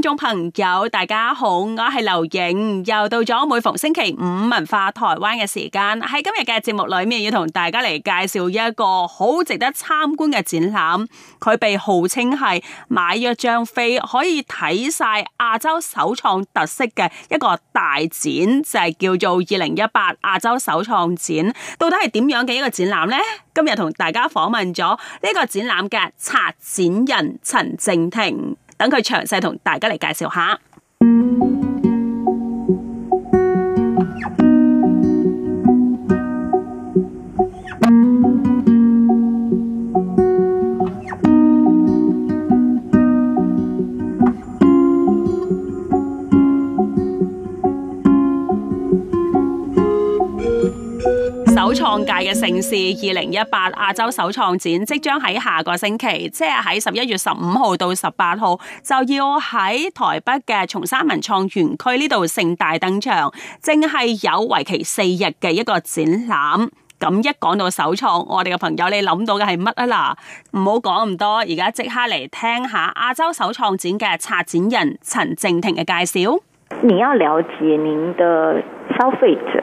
觀眾朋友，大家好，我係劉影，又到咗每逢星期五文化台灣嘅時間。喺今日嘅節目裏面，要同大家嚟介紹一個好值得參觀嘅展覽，佢被號稱係買咗張飛可以睇晒亞洲手創特色嘅一個大展，就係、是、叫做二零一八亞洲手創展。到底係點樣嘅一個展覽咧？今日同大家訪問咗呢個展覽嘅策展人陳靜婷。等佢詳細同大家嚟介紹下。首創界嘅盛事，二零一八亞洲首創展即將喺下個星期，即係喺十一月十五號到十八號，就要喺台北嘅松山文創園區呢度盛大登場，正係有為期四日嘅一個展覽。咁一講到首創，我哋嘅朋友你諗到嘅係乜啊啦？唔好講咁多，而家即刻嚟聽下亞洲首創展嘅策展人陳靜婷嘅介紹。你要了解您嘅消費者。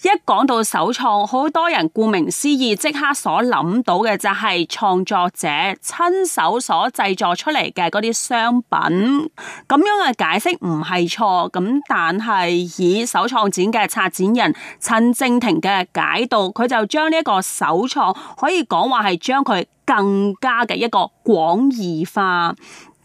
一講到手創，好多人顧名思義，即刻所諗到嘅就係創作者親手所製作出嚟嘅嗰啲商品。咁樣嘅解釋唔係錯，咁但係以手創展嘅策展人陳正廷嘅解讀，佢就將呢一個手創可以講話係將佢更加嘅一個廣義化。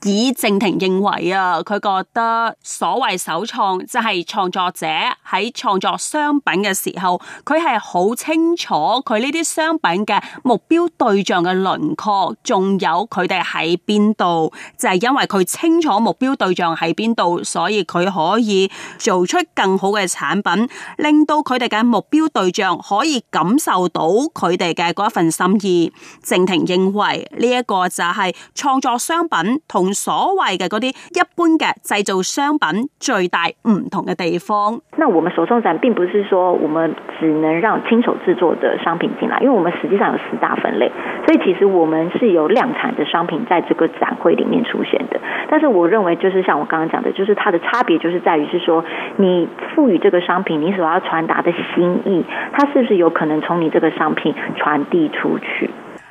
以正廷認為啊，佢覺得所謂首創就係、是、創作者喺創作商品嘅時候，佢係好清楚佢呢啲商品嘅目標對象嘅輪廓，仲有佢哋喺邊度。就係、是、因為佢清楚目標對象喺邊度，所以佢可以做出更好嘅產品，令到佢哋嘅目標對象可以感受到佢哋嘅一份心意。正廷認為呢一、這個就係創作商品同。所謂嘅嗰啲一般嘅製造商品最大唔同嘅地方，那我們手創展並不是說我們只能讓親手製作的商品進來，因為我們實際上有四大分類，所以其實我們是有量產的商品在這個展會裡面出現的。但是我認為，就是像我剛剛講的，就是它的差別，就是在於是說你賦予這個商品，你所要傳達的心意，它是不是有可能從你這個商品傳遞出去。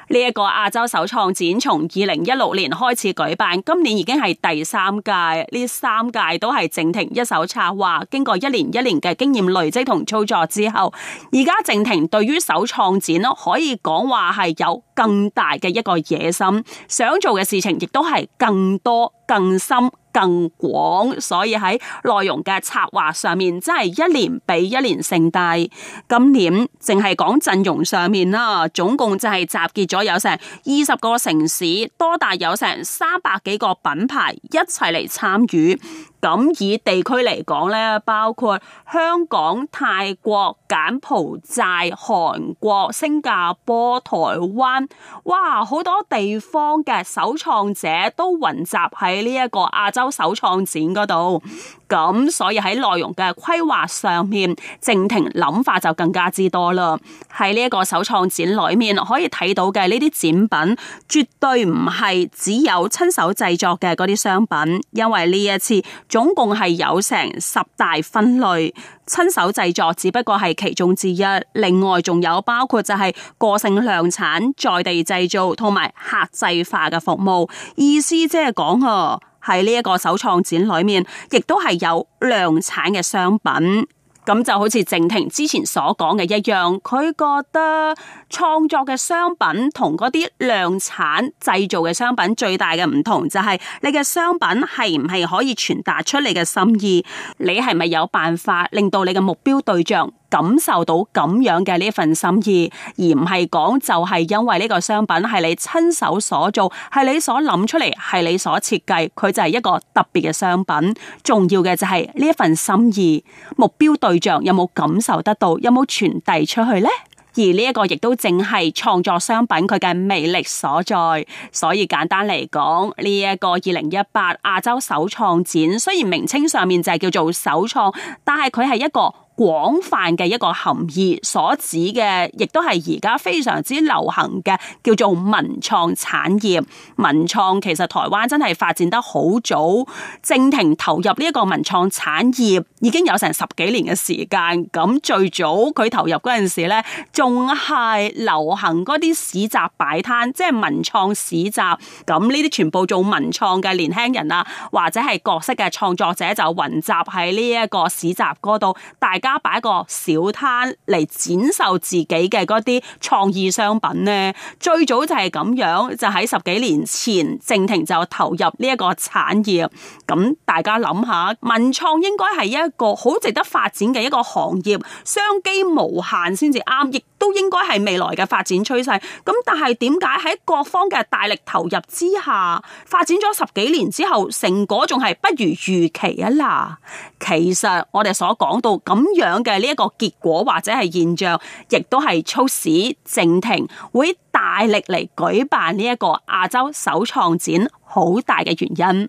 呢一個亞洲手創展從二零一六年開始舉辦，今年已經係第三屆，呢三屆都係靜庭一手策劃。經過一年一年嘅經驗累積同操作之後，而家靜庭對於手創展咯，可以講話係有更大嘅一個野心，想做嘅事情亦都係更多。更深、更廣，所以喺內容嘅策劃上面，真係一年比一年盛大。今年淨係講陣容上面啦，總共就係集結咗有成二十個城市，多達有成三百幾個品牌一齊嚟參與。咁以地區嚟講咧，包括香港、泰國、柬埔寨、韓國、新加坡、台灣，哇！好多地方嘅手創者都雲集喺呢一個亞洲手創展嗰度。咁所以喺內容嘅規劃上面，靜亭諗法就更加之多啦。喺呢一個手創展裏面，可以睇到嘅呢啲展品，絕對唔係只有親手製作嘅嗰啲商品，因為呢一次，總共係有成十大分類，親手製作只不過係其中之一，另外仲有包括就係個性量產、在地製造同埋客製化嘅服務。意思即係講啊，喺呢一個手創展裏面，亦都係有量產嘅商品。咁就好似靜婷之前所講嘅一樣，佢覺得創作嘅商品同嗰啲量產製造嘅商品最大嘅唔同就係你嘅商品係唔係可以傳達出你嘅心意。你係咪有辦法令到你嘅目標對象感受到咁樣嘅呢份心意，而唔係講就係因為呢個商品係你親手所做，係你所諗出嚟，係你所設計，佢就係一個特別嘅商品。重要嘅就係呢一份心意，目標對象有冇感受得到，有冇傳遞出去呢？而呢一個亦都正係創作商品佢嘅魅力所在。所以簡單嚟講，呢一個二零一八亞洲手創展，雖然名稱上面就係叫做手創，但係佢係一個。廣泛嘅一個含義所指嘅，亦都係而家非常之流行嘅，叫做文創產業。文創其實台灣真係發展得好早，正停投入呢一個文創產業已經有成十幾年嘅時間。咁最早佢投入嗰陣時咧，仲係流行嗰啲市集擺攤，即係文創市集。咁呢啲全部做文創嘅年輕人啊，或者係角色嘅創作者就雲集喺呢一個市集嗰度，大家擺一個小攤嚟展售自己嘅嗰啲創意商品呢，最早就係咁樣，就喺十幾年前靜婷就投入呢一個產業。咁大家諗下，文創應該係一個好值得發展嘅一個行業，商機無限先至啱。都應該係未來嘅發展趨勢，咁但係點解喺各方嘅大力投入之下，發展咗十幾年之後，成果仲係不如預期啊啦？其實我哋所講到咁樣嘅呢一個結果或者係現象，亦都係促使政庭會大力嚟舉辦呢一個亞洲手創展好大嘅原因。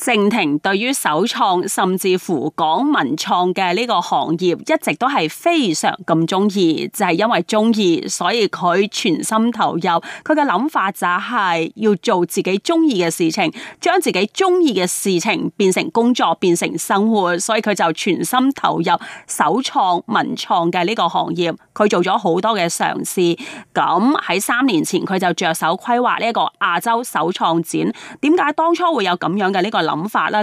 正婷對於首創甚至乎講文創嘅呢個行業，一直都係非常咁中意，就係、是、因為中意，所以佢全心投入。佢嘅諗法就係要做自己中意嘅事情，將自己中意嘅事情變成工作，變成生活，所以佢就全心投入首創文創嘅呢個行業。佢做咗好多嘅嘗試，咁喺三年前佢就着手規劃呢個亞洲首創展。點解當初會有咁樣嘅呢個？諗法啦，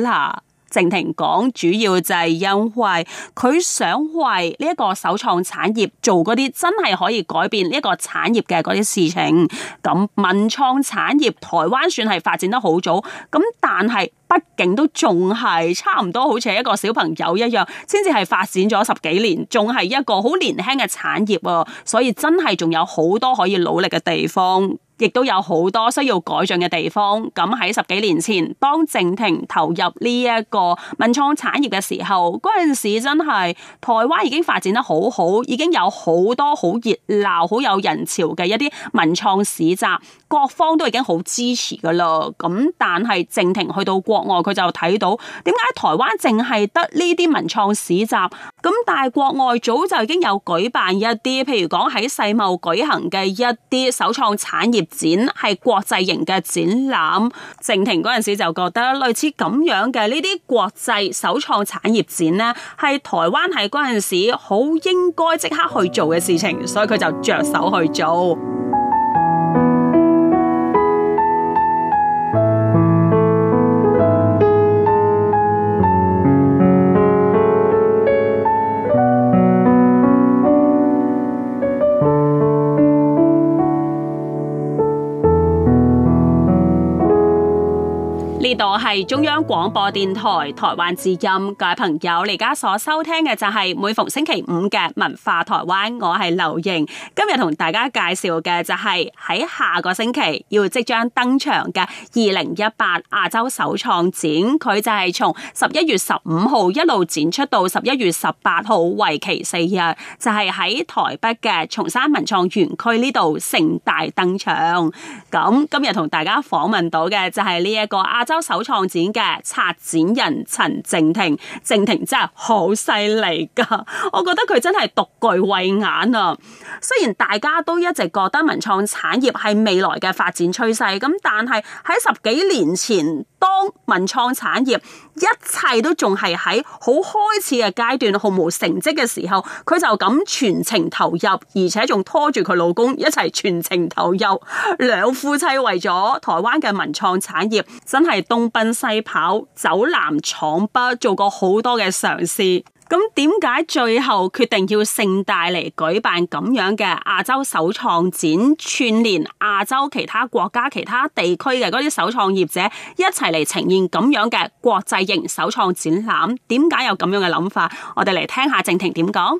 嗱，靜婷講，主要就係因為佢想為呢一個首創產業做嗰啲真係可以改變呢一個產業嘅嗰啲事情。咁文創產業台灣算係發展得好早，咁但係畢竟都仲係差唔多，好似一個小朋友一樣，先至係發展咗十幾年，仲係一個好年輕嘅產業，所以真係仲有好多可以努力嘅地方。亦都有好多需要改進嘅地方。咁喺十幾年前，當靜庭投入呢一個文創產業嘅時候，陣時真係台灣已經發展得好好，已經有好多好熱鬧好有人潮嘅一啲文創市集，各方都已經好支持噶啦。咁但係靜庭去到國外，佢就睇到點解台灣淨係得呢啲文創市集？咁但係國外早就已經有舉辦一啲，譬如講，喺世貿舉行嘅一啲首創產業。展係國際型嘅展覽，靜庭嗰陣時就覺得類似咁樣嘅呢啲國際首創產業展呢，係台灣喺嗰陣時好應該即刻去做嘅事情，所以佢就着手去做。係中央廣播電台台灣之音，各位朋友，你而家所收聽嘅就係每逢星期五嘅文化台灣，我係劉瑩，今日同大家介紹嘅就係、是。喺下個星期要即將登場嘅二零一八亞洲手創展，佢就係從十一月十五號一路展出到十一月十八號為期四日，就係喺台北嘅松山文創園區呢度盛大登場。咁今日同大家訪問到嘅就係呢一個亞洲手創展嘅策展人陳靜婷，靜婷真係好犀利噶，我覺得佢真係獨具慧眼啊！雖然大家都一直覺得文創產業係未來嘅發展趨勢，咁但係喺十幾年前，當文創產業一切都仲係喺好開始嘅階段，毫無成績嘅時候，佢就咁全程投入，而且仲拖住佢老公一齊全程投入，兩夫妻為咗台灣嘅文創產業，真係東奔西跑，走南闖北，做過好多嘅嘗試。咁點解最後決定要盛大嚟舉辦咁樣嘅亞洲手創展，串連亞洲其他國家、其他地區嘅嗰啲手創業者一齊嚟呈現咁樣嘅國際型手創展覽？點解有咁樣嘅諗法？我哋嚟聽下靜婷點講。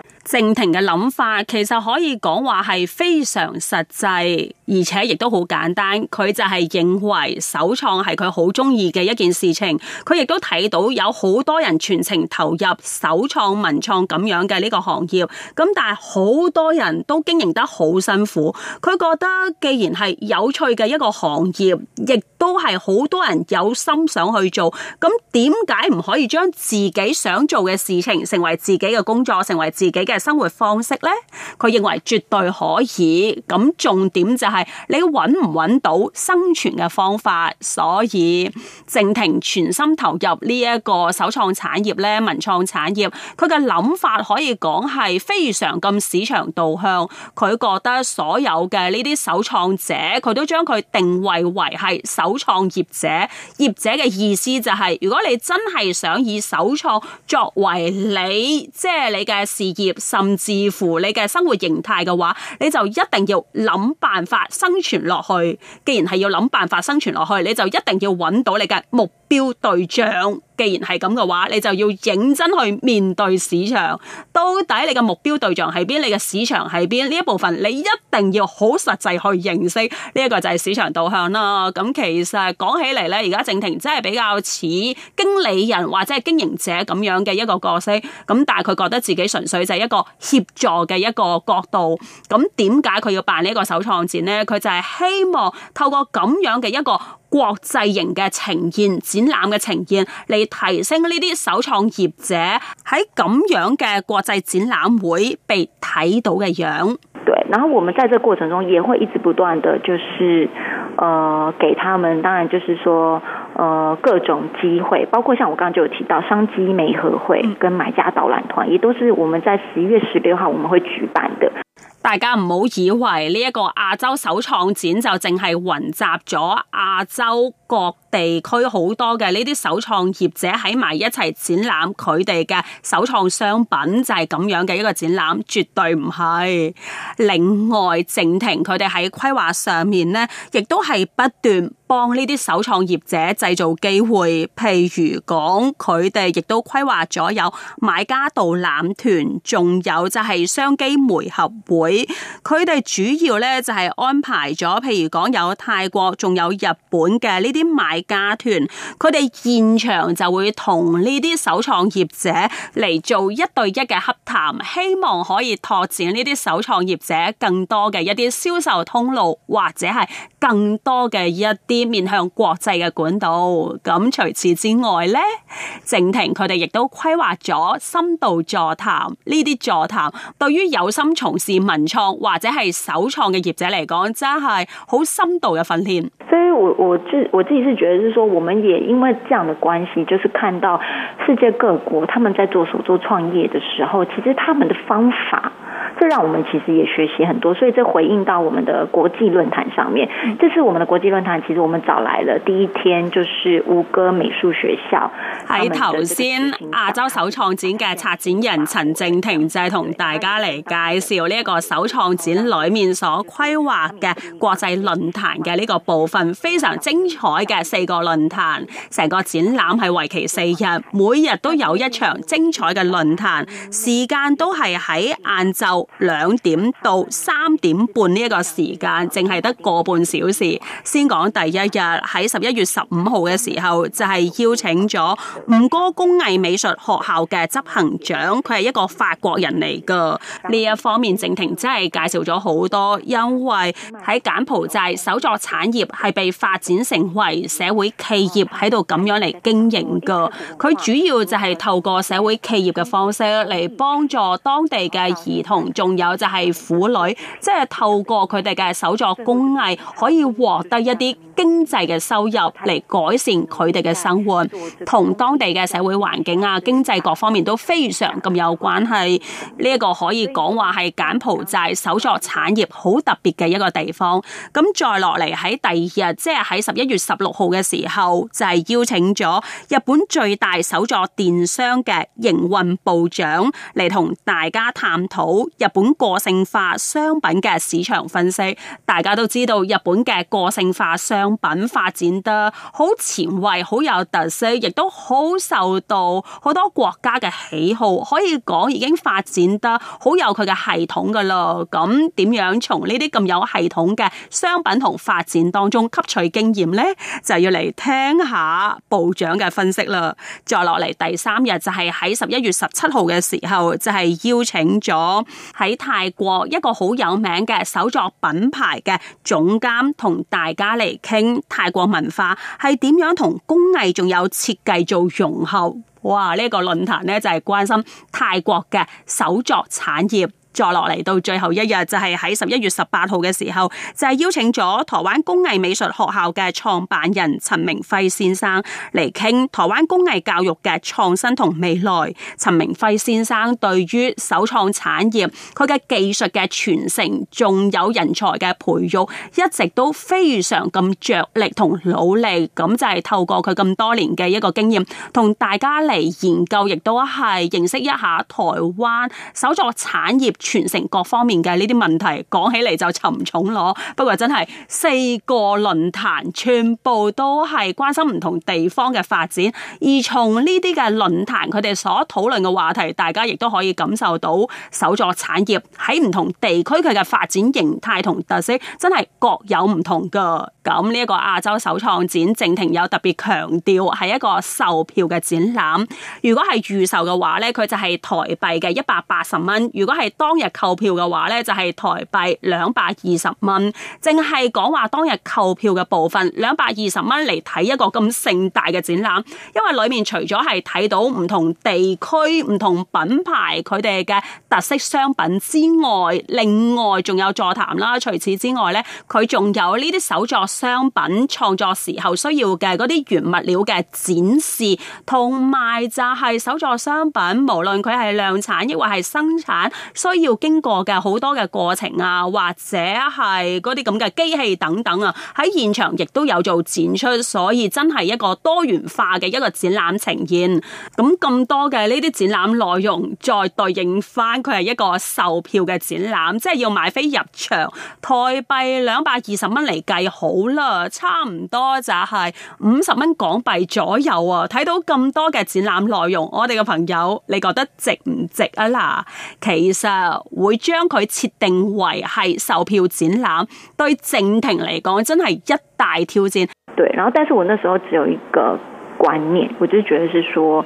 正婷嘅諗法其實可以講話係非常實際，而且亦都好簡單。佢就係認為手創係佢好中意嘅一件事情。佢亦都睇到有好多人全程投入手創文創咁樣嘅呢個行業。咁但係好多人都經營得好辛苦。佢覺得既然係有趣嘅一個行業，亦都係好多人有心想去做。咁點解唔可以將自己想做嘅事情成為自己嘅工作，成為自己嘅生活方式咧，佢認為絕對可以。咁重點就係你揾唔揾到生存嘅方法。所以靜婷全心投入呢一個手創產業咧，文創產業，佢嘅諗法可以講係非常咁市場導向。佢覺得所有嘅呢啲手創者，佢都將佢定位為係手創業者。業者嘅意思就係，如果你真係想以手創作為你，即係你嘅事業。甚至乎你嘅生活形態嘅話，你就一定要諗辦法生存落去。既然係要諗辦法生存落去，你就一定要揾到你嘅目。目標對象，既然係咁嘅話，你就要認真去面對市場。到底你嘅目標對象係邊？你嘅市場係邊？呢一部分你一定要好實際去認識。呢一個就係市場導向啦。咁其實講起嚟呢，而家鄭婷真係比較似經理人或者係經營者咁樣嘅一個角色。咁但係佢覺得自己純粹就係一個協助嘅一個角度。咁點解佢要辦呢一個手創展呢？佢就係希望透過咁樣嘅一個。國際型嘅呈現、展覽嘅呈現，嚟提升呢啲手創業者喺咁樣嘅國際展覽會被睇到嘅樣。對，然後我們在這個過程中也會一直不斷嘅，就是，誒、呃，給他們，當然就是說，誒、呃，各種機會，包括像我剛剛就有提到商機媒合會跟買家導覽團，也都是我們在十一月十六號我們會舉辦的。大家唔好以為呢一個亞洲手創展就淨係雲集咗亞洲，各地區好多嘅呢啲手創業者喺埋一齊展覽佢哋嘅手創商品，就係咁樣嘅一個展覽，絕對唔係另外靜停。佢哋喺規劃上面咧，亦都係不斷幫呢啲手創業者製造機會。譬如講，佢哋亦都規劃咗有買家導覽團，仲有就係商機媒合會。佢哋主要咧就係安排咗，譬如講有泰國，仲有日本嘅呢啲。啲買家團，佢哋現場就會同呢啲手創業者嚟做一對一嘅洽談，希望可以拓展呢啲手創業者更多嘅一啲銷售通路，或者係更多嘅一啲面向國際嘅管道。咁除此之外呢，靜婷佢哋亦都規劃咗深度座談，呢啲座談對於有心從事文創或者係手創嘅業者嚟講，真係好深度嘅訓練。我我自我自己是覺得是說，我們也因為這樣的關係，就是看到世界各國他們在做手作創業的時候，其實他們的方法。這讓我們其實也學習很多，所以這回應到我們的國際論壇上面。這次我們的國際論壇，其實我們找來了第一天就是烏哥美術學校，喺頭先亞洲首創展嘅策展人陳靜婷，就係同大家嚟介紹呢一個首創展裏面所規劃嘅國際論壇嘅呢個部分，非常精彩嘅四個論壇，成個展覽係為期四日，每日都有一場精彩嘅論壇，時間都係喺晏晝。兩點到三點半呢一個時間淨係得個半小時，先講第一日。喺十一月十五號嘅時候，就係、是、邀請咗吳哥工藝美術學校嘅執行長，佢係一個法國人嚟噶。呢一方面靜婷真係介紹咗好多，因為喺柬埔寨手作產業係被發展成為社會企業喺度咁樣嚟經營噶。佢主要就係透過社會企業嘅方式嚟幫助當地嘅兒童。仲有就係婦女，即係透過佢哋嘅手作工藝可以獲得一啲經濟嘅收入，嚟改善佢哋嘅生活，同當地嘅社會環境啊、經濟各方面都非常咁有關係，呢一個可以講話，係柬埔寨手作產業好特別嘅一個地方。咁再落嚟喺第二日，即係喺十一月十六號嘅時候，就係邀請咗日本最大手作電商嘅營運部長嚟同大家探討。日本個性化商品嘅市場分析，大家都知道日本嘅個性化商品發展得好前衛，好有特色，亦都好受到好多國家嘅喜好。可以講已經發展得好有佢嘅系統噶啦。咁點樣從呢啲咁有系統嘅商品同發展當中吸取經驗咧？就要嚟聽下部長嘅分析啦。再落嚟第三日就係喺十一月十七號嘅時候，就係邀請咗。喺泰國一個好有名嘅手作品牌，嘅總監同大家嚟傾泰國文化係點樣同工藝仲有設計做融合。哇！呢、這個論壇呢就係、是、關心泰國嘅手作產業。再落嚟到最後一日就係喺十一月十八號嘅時候，就係邀請咗台灣工藝美術學校嘅創辦人陳明輝先生嚟傾台灣工藝教育嘅創新同未來。陳明輝先生對於手創產業佢嘅技術嘅傳承，仲有人才嘅培育，一直都非常咁着力同努力。咁就係透過佢咁多年嘅一個經驗，同大家嚟研究，亦都係認識一下台灣手作產業。傳承各方面嘅呢啲問題講起嚟就沉重囉，不過真係四個論壇全部都係關心唔同地方嘅發展，而從呢啲嘅論壇佢哋所討論嘅話題，大家亦都可以感受到手作產業喺唔同地區佢嘅發展形態同特色，真係各有唔同㗎。咁呢一個亞洲手創展，正婷有特別強調係一個售票嘅展覽。如果係預售嘅話呢佢就係台幣嘅一百八十蚊；如果係當日購票嘅話呢就係台幣兩百二十蚊。淨係講話當日購票嘅部分兩百二十蚊嚟睇一個咁盛大嘅展覽，因為裡面除咗係睇到唔同地區、唔同品牌佢哋嘅特色商品之外，另外仲有座談啦。除此之外呢佢仲有呢啲手作。商品創作時候需要嘅嗰啲原物料嘅展示，同埋就係手作商品，無論佢係量產抑或係生產需要經過嘅好多嘅過程啊，或者係嗰啲咁嘅機器等等啊，喺現場亦都有做展出，所以真係一個多元化嘅一個展覽呈現，咁咁多嘅呢啲展覽內容，再對應翻佢係一個售票嘅展覽，即係要買飛入場台幣兩百二十蚊嚟計好。好啦，差唔多就係五十蚊港幣左右啊！睇到咁多嘅展覽內容，我哋嘅朋友，你覺得值唔值啊？嗱，其實會將佢設定為係售票展覽，對正庭嚟講真係一大挑戰。對，然後，但是我那時候只有一個觀念，我就覺得是說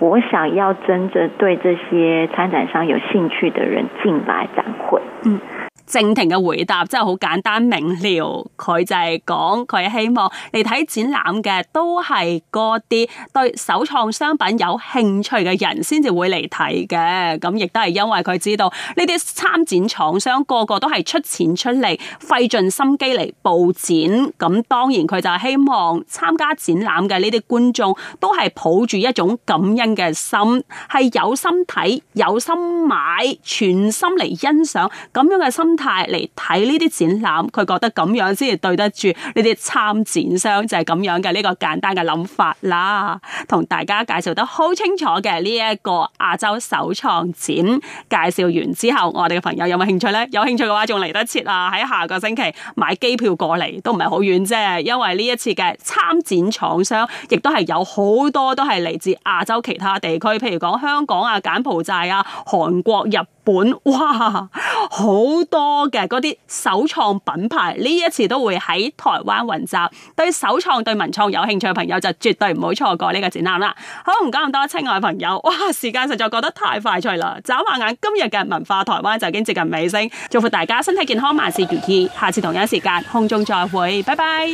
我想要真正對這些參展商有興趣的人進來展會。嗯。正廷嘅回答真係好簡單明了，佢就係講佢希望嚟睇展覽嘅都係嗰啲對手創商品有興趣嘅人先至會嚟睇嘅，咁亦都係因為佢知道呢啲參展廠商個個都係出錢出力，費盡心機嚟布展，咁當然佢就係希望參加展覽嘅呢啲觀眾都係抱住一種感恩嘅心，係有心睇、有心買、全心嚟欣賞咁樣嘅心。太嚟睇呢啲展覽，佢覺得咁樣先至對得住呢啲參展商，就係咁樣嘅呢個簡單嘅諗法啦。同大家介紹得好清楚嘅呢一個亞洲手創展，介紹完之後，我哋嘅朋友有冇興趣咧？有興趣嘅話，仲嚟得切啊！喺下個星期買機票過嚟都唔係好遠啫，因為呢一次嘅參展廠商亦都係有好多都係嚟自亞洲其他地區，譬如講香港啊、柬埔寨啊、韓國、日本。本哇好多嘅嗰啲首創品牌呢一次都會喺台灣雲集，對首創對文創有興趣嘅朋友就絕對唔好錯過呢個展覽啦！好唔講咁多，親愛嘅朋友，哇時間實在過得太快脆啦，眨下眼今日嘅文化台灣就已經接近尾聲，祝福大家身體健康，萬事如意，下次同一時間空中再會，拜拜。